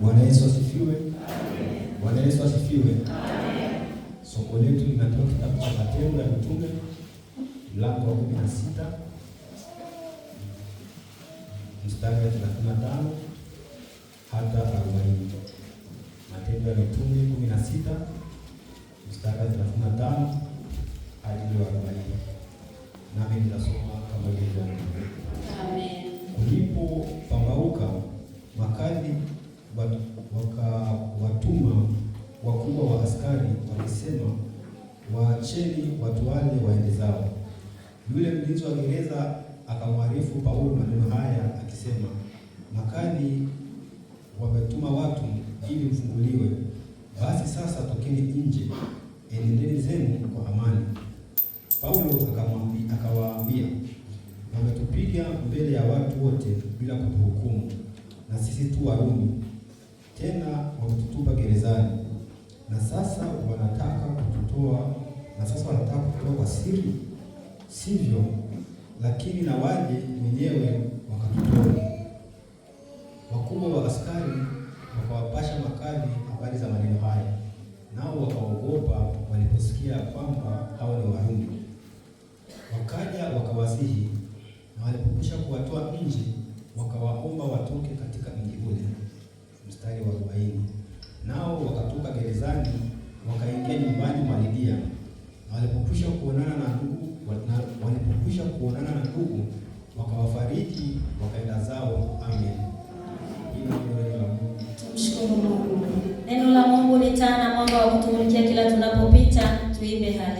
Bwana Yesu asifiwe. Bwana Yesu asifiwe. Somo letu linatoka kitabu cha Matendo ya Mitume mlango wa kumi na sita mstari wa thelathini na tano hata arobaini. Matendo ya Mitume kumi na sita mstari wa thelathini na tano hadi arobaini. Nami nitasoma wakawatuma wakubwa wa askari wakisema, waacheni watu wale waende zao. Yule mlinzi wa gereza akamwarifu Paulo maneno haya akisema, Makani wametuma watu ili mfunguliwe. Basi sasa tokeni nje, enendeni zenu kwa amani. Paulo akawaambia, wametupiga mbele ya watu wote bila kutuhukumu, na sisi tu Warumi tena wakatutupa gerezani, na sasa wanataka kututoa, na sasa wanataka kututoa kwa siri, sivyo? Lakini na waje wenyewe wakatutoa. Wakubwa wa askari wakawapasha makali habari za maneno haya, nao wakaogopa waliposikia kwamba hao ni Warumi. Wakaja wakawasihi, na walipokwisha kuwatoa nje wakawaomba watoke gerezani wakaingia nyumbani mwa Lidia, walipokwisha kuonana na ndugu walipokwisha kuonana na ndugu wakawafariki, wakaenda zao. Amen. Tumshukuru Mungu. Neno la Mungu ni taa na mwanga wa kutumulikia kila tunapopita. Tuipe hali